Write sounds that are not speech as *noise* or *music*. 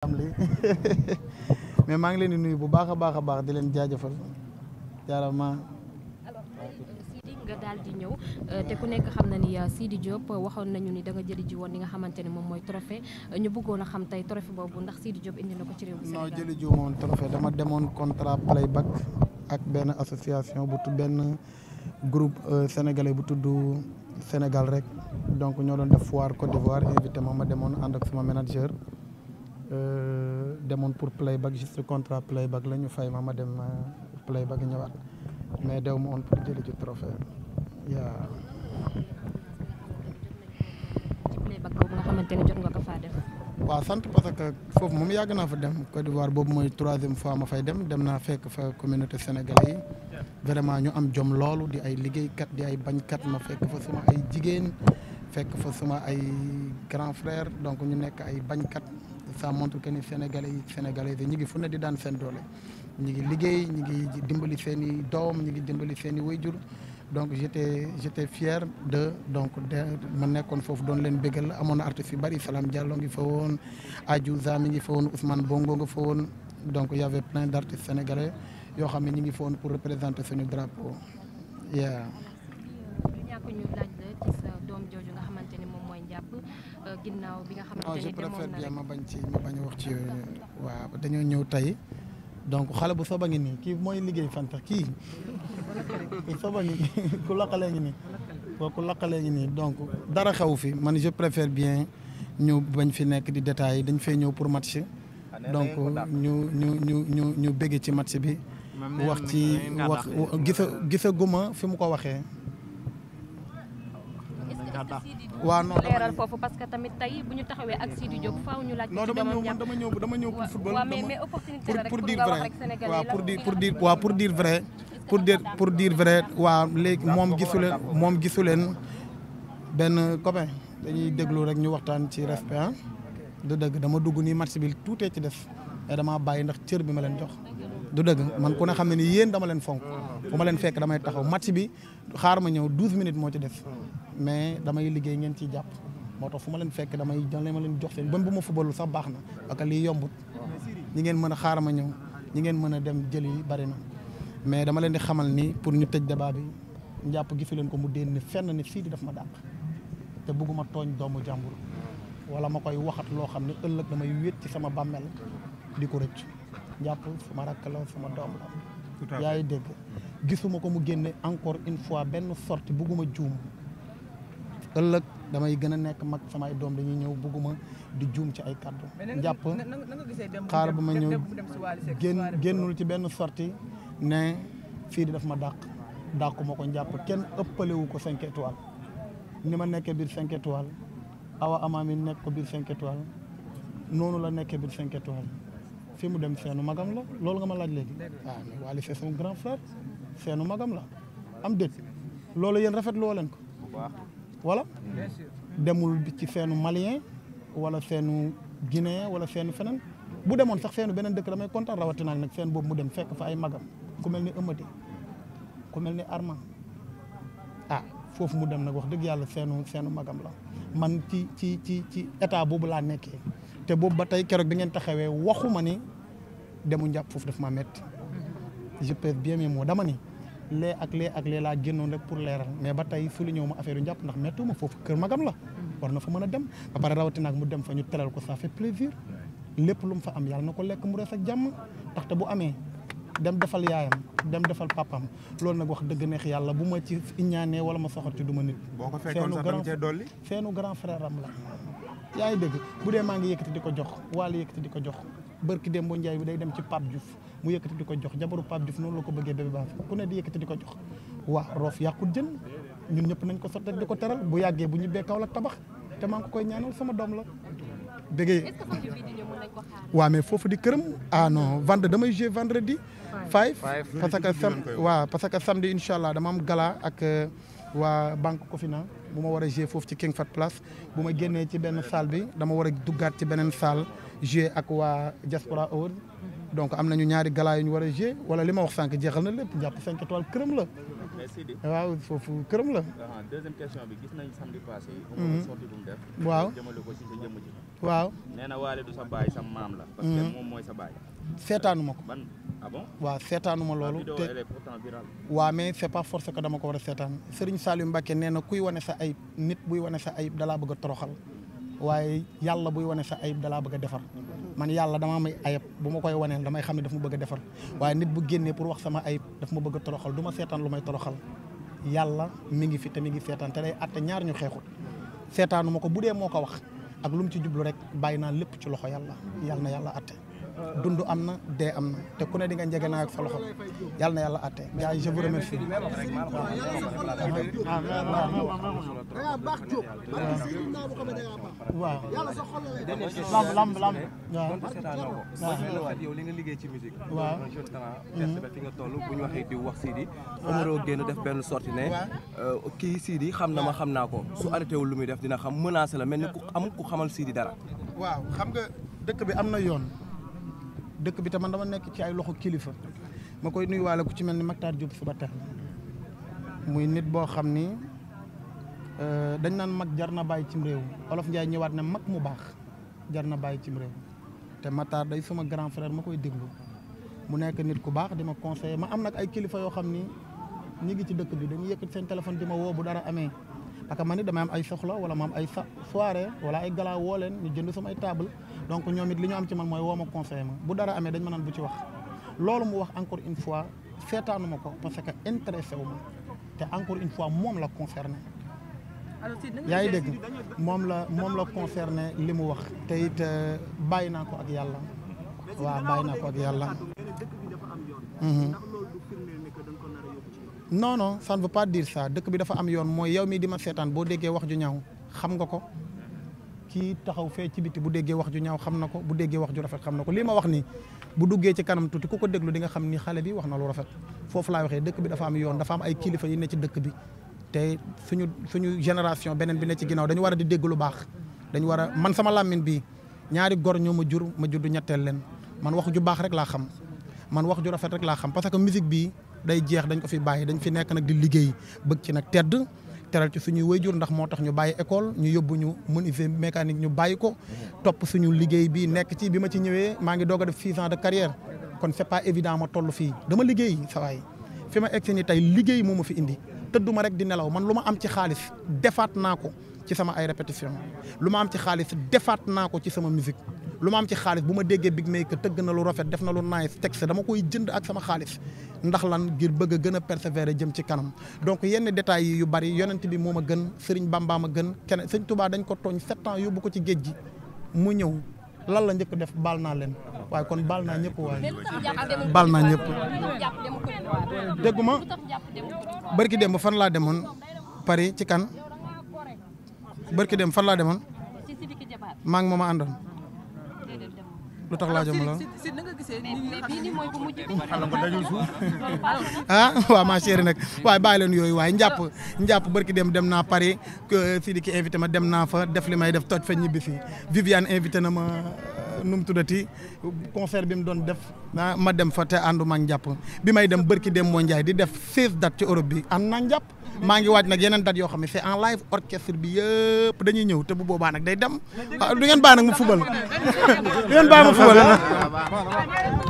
am li *laughs* mais maa ngi leen di nuyu bu baax a baax a baax di leen jaajëfal jaarama euh, nga daal di ñëw euh, te ku nekk xam na ni euh, Sidi Diop waxoon nañu ni da nga jëli ji woon li nga xamante ne moom mooy trophée ñu bëggoon a xam tey trophée boobu ndax Sidi Diop indi na ko ci réew mi. non jëli ji moom dama demoon contrat playback ak benn association bu benn groupe sénégalais bu tudd Sénégal rek donc ñoo doon def foire Côte d'Ivoire invité ma ma demoon ànd ak sama manager. Euh, demoon pour playback juste contrat playback la ñu fay ma ma dem euh, playback ñëwaat mais dew ma woon pour jëli sant parce que foofu moom yàgg naa fa dem Côte d'Ivoire boobu mooy troisième fois ma fay dem dem naa fekk fa communauté sénégalais yi vraiment ñu am jom loolu di ay liggéeykat di ay bañkat ma fekk fa suma ay jigéen fekk fa suma ay grand frère donc ñu nekk ay bañkat ça montre que ni sénégalais yi sénégalais yi ñu ngi fu ne di daan seen doole ñu ngi liggéey ñu ngi dimbali seen i doom ñu ngi dimbali seen i wayjur donc j'étais j'étais fier de donc de ma nekkoon foofu doon leen bégal amoon na artistes bari Salam Diallo ngi fa woon Adjou Zami ngi fa woon Ousmane Bongo nga fa woon donc y avait plein d'artistes yoo xam ne ñu ngi fa woon pour représenter suñu drapeau yeah. jooju nga xamante moom mooy njàpp euh, ginnaaw bi nga xamante oh, ni demoon na rek ma bañ ci ma bañ wax ci yooyu euh, waaw dañoo ñëw tey donc xale bu soba ngi nii kii mooy liggéey fanta kii ku soba ngi nii *laughs* ku laqalee ngi nii donc dara xew fi man je préfère bien ñu bañ fi nekk di détails yi dañ fee ñëw pour match donc ñu ñu ñu ñu ñu bëgg ci match bi wax ci wax gisa gisaguma fi mu ko waxee candidat waaw non leeral foofu parce que tamit tey bu ñu taxawee ak Sidi Diop faaw ñu laaj non dama ñëw dama ñëw dama ñëw pour football pour dire vrai waaw pour dire pour dire waaw pour dire vrai pour dire pour dire vrai waaw léegi moom gisuleen moom gisuleen benn copain dañuy déglu rek ñu waxtaan ci respect ah. du dëgg dama dugg nii match bi tuutee ci def te damaa bàyyi ndax cër bi ma leen jox du dëgg man ku ne xam ne ni yéen dama leen fonk bu ma leen fekk damay taxaw match bi xaar ma ñëw douze minutes moo ci def mais damay liggéey ngeen ciy jàpp moo tax fu ma leen fekk damay dama leen jox seen bën bu ma fubalul sax baax na parce que lii yombut ñi ngeen mën a xaar ma ñëw ñi ngeen mën a dem jëli yi na mais dama leen di xamal ni pour ñu tëj débat bi njàpp gi leen ko mu déen fenn ni fii di daf ma dàq te bëgguma tooñ doomu jàmbur wala ma koy waxat loo xam ne ëllëg damay wéet ci sama bàmmeel di ko rëcc njàpp sama rakk la sama doom la yaay dégg gisuma ko mu génne encore une fois benn sorte bëgguma juum ëllëg damay gën a nekk mag samay doom dañuy ñëw bugguma di juum ci ay kàddu jàpp xaar ba ma ñëw génn génnul ci benn sorti ne fii di daf ma dàq dàqu ma ko njàpp kenn ëppalewu ko cinq étoiles ni ma nekkee biir cinq étoiles awa amaa mi nekk ko biir cinq étoiles noonu la nekkee biir cinq étoiles fi mu dem seenu magam la loolu nga ma laaj léegi waaw ah, mais Wally c'est son grand frère seenu magam la am déet loolu yéen rafet loo leen ko wala demul ci feenu malien wala feenu guinéen wala feenu feneen bu demoon sax feenu beneen dëkk damay kontaan rawatina nag feen boobu mu dem fekk fa ay magam ku mel ni Amady ku mel ni Armand ah foofu mu dem nag wax dëgg yàlla feenu feenu magam la man ci ci ci ci état boobu laa nekkee te boobu ba tey keroog bi ngeen taxawee waxuma ni demu njàpp foofu daf maa métti je pèse bien mes mots dama ni lee ak lee ak lee laa génnoon rek pour leeral mais ba tey fu lu ñëw ma affaire yu njàpp ndax méttu ma foofu kër magam la mm. war na fa mën a dem ba pare rawatina mu dem fa ñu teral ko ça fait plaisir lépp lu mu fa am yàlla na ko lekk mu rees ak jàmm ndaxte bu amee dem defal yaayam dem defal papam loolu nag wax dëgg neex yàlla bu ma ci iñaanee wala ma soxor ci du ma nit. boo ko fekkoon sax dama cee dolli seenu grand frère am la. yaa ngi dëgg bu dee maa ngi yëkkati di ko jox waale yëkkati di ko jox bërki Demba Ndiaye bi day dem ci Pape Diouf mu yëkkati di ko jox jabaru Pape Diouf noonu la ko bëggee bébé baax ku ne di yëkkati di ko jox waa roof yàqut jën ñun ñëpp nañ ko sotti di ko teral bu yàggee bu ñu beekaw la tabax te maa ngi koy ñaanal sama doom la dégg waa mais foofu di këram ah non vendredi damay jouer vendredi five parce que sam waaw parce que samedi incha allah dama am galaa ak euh, waa banque Cofina bu ma war a jouer foofu ci King Fat Place bu ma génnee ci benn salle bi dama war a duggaat ci beneen salle jouer ak waa Diaspora Awards donc am nañu ñaari gala yu ñu war a jouer wala li ma wax sànq jeexal na lépp jàpp 5 étoiles këram la. waaw foofu këram la. deuxième question bi gis nañu samedi passé. Hmm. sorti bu mu def. ko ci nee na waale du sa maam la. parce que hmm. moom mooy sa baay. ma ko. Ah waaw seetaanuma loolu te waaw mais c'est pas force que dama ko war a seetaan Serigne Saliou Mbacké nee na kuy wane sa ayib nit buy wane sa ayib dalaa bëgg a toroxal waaye yàlla buy wane sa ayib dalaa bëgg a defar man yàlla damaa may ayib bu ma koy waneel damay xam ne dafa ma bëgg a defar waaye nit bu génnee pour wax sama ayib daf ma bëgg a toroxal du seetaan lu may toroxal yàlla mi ngi fi te mi ngi seetaan te day àtte ñaar ñu xeexut seetaanuma ko bu dee moo ko wax ak lu mu ci jublu rek bàyyi naa lépp ci loxo yàlla yàlla na yàlla àtte dund am na dee am na te ku ne di nga njege naa ak fa loxo yàlla na yàlla àtte gars yi je vous remercie. waaw. lamb lamb waaw li nga liggéey ci musique. waaw. jeune nga toll bu ñu waxee di wax Sidi. Omaro génn def benn sortie ne. kii siidi xam na ma xam naa ko su arrêté wu lu muy def dina xam menacé la mel ni ku am ku xamal Sidi dara. waaw xam nga dëkk bi am na yoon. dëkk bi te man dama nekk ci ay loxo kilifa ma koy nuyuwaale ku ci mel ni Mactar Diop Soubatel muy nit boo xam ni euh, dañ naan mag jar na bàyyi cim réew olof Ndiaye ñëwaat ne mag mu baax jar na bàyyi cim réew te Mactar day sama grand frère ma koy déglu mu nekk nit ku baax di ma conseiller ma am nag ay kilifa yoo xam ni ñi ngi ci dëkk bi dañuy yëkkat seen téléphone di ma woo bu dara amee. parce que man it damay am ay soxla wala ma am ay soirée wala ay gala woo leen ñu jënd sama ay table donc ñoom it li ñu am ci man mooy woo ma conseil ma bu dara amee dañ ma naan bu ci wax loolu mu wax encore une fois seetaanu ma ko parce que intéressé wu ma te encore une fois moom la concerné yaa ngi dégg moom la moom la concerné li mu wax te it euh, bàyyi naa ko ak yàlla waaw bàyyi naa ko ak yàlla non non ça ne veut pas dire ça dëkk bi dafa am yoon mooy yow mii di ma seetaan boo déggee wax ju ñaaw xam nga ko kii taxaw fee ci biti bu déggee wax ju ñaaw xam na ko bu déggee wax ju rafet xam na ko lii ma wax nii bu duggee ci kanam tuuti ku ko déglu di nga xam ni xale bi wax na lu rafet foofu laa waxee dëkk bi dafa am yoon dafa am ay kilifa yi ne ci dëkk bi te suñu suñu génération beneen bi ne ci ginnaaw dañu war a di dégg lu baax dañu war man sama làmmiñ bii ñaari gor ñoo ma jur ma juddu ñetteel leen man wax ju laa xam man wax ju rafet rek laa xam parce que musique bii day jeex dañ ko fi bàyyi dañ fi nekk nag di liggéey bëgg ci nag tedd teral ci suñuy wayjur ndax moo tax ñu bàyyi école ñu yóbbu ñu menuisier mécanique ñu bàyyi ko topp suñu liggéey bi nekk ci bi ma ci ñëwee maa ngi doog a def six ans de carrière kon c'est pas évident ma toll fii dama liggéey sa waay fi ma egsi ni tey liggéey moo ma fi indi tëdduma rek di nelaw man lu ma am ci xaalis defaat naa ko ci sama ay répétition lu ma am ci xaalis defaat naa ko ci sama musique lu ma am ci xaalis bu ma déggee big maker tëgg na lu rafet def na lu nice texte dama koy jënd ak sama xaalis ndax lan gir bëgg a gën a persévérer jëm ci kanam donc yenn détails yu bari yonent bi moo ma gën sëriñ Bamba ma gën kene sëriñ Touba dañ ko tooñ sept ans yóbbu ko ci géej gi mu ñëw lan la njëkk def baal naa leen waaye kon baal naa ñëpp waaye baal naa ñëpp dégguma barki dem ba fan laa demoon Paris ci kan barki dem fan laa demoon maa ngi mooma àndoon lu tax laajuma la *laughs* *laughs* ah waaw ma chérie nag waaye bàyyi leen yooyu waaye njàpp njàpp barki dem dem naa Paris Sidi ki invité ma dem naa fa def li may def toj fa ñibbi si Viviane invité na ma euh, nu mu tuddati concert bi mu doon def ma dem fa te ànduma ak njàpp bi may dem bërki dem moo njaay di def seize dates ci Europe bi ànd naa njàpp maa ngi waaj nag yeneen date yoo xam ne c'est en live orchestre bi yëpp dañuy ñëw te bu boobaa nag day dem ah, du ngeen baa nag mu fubal *laughs* du ngeen baa mu fubal *laughs* *laughs*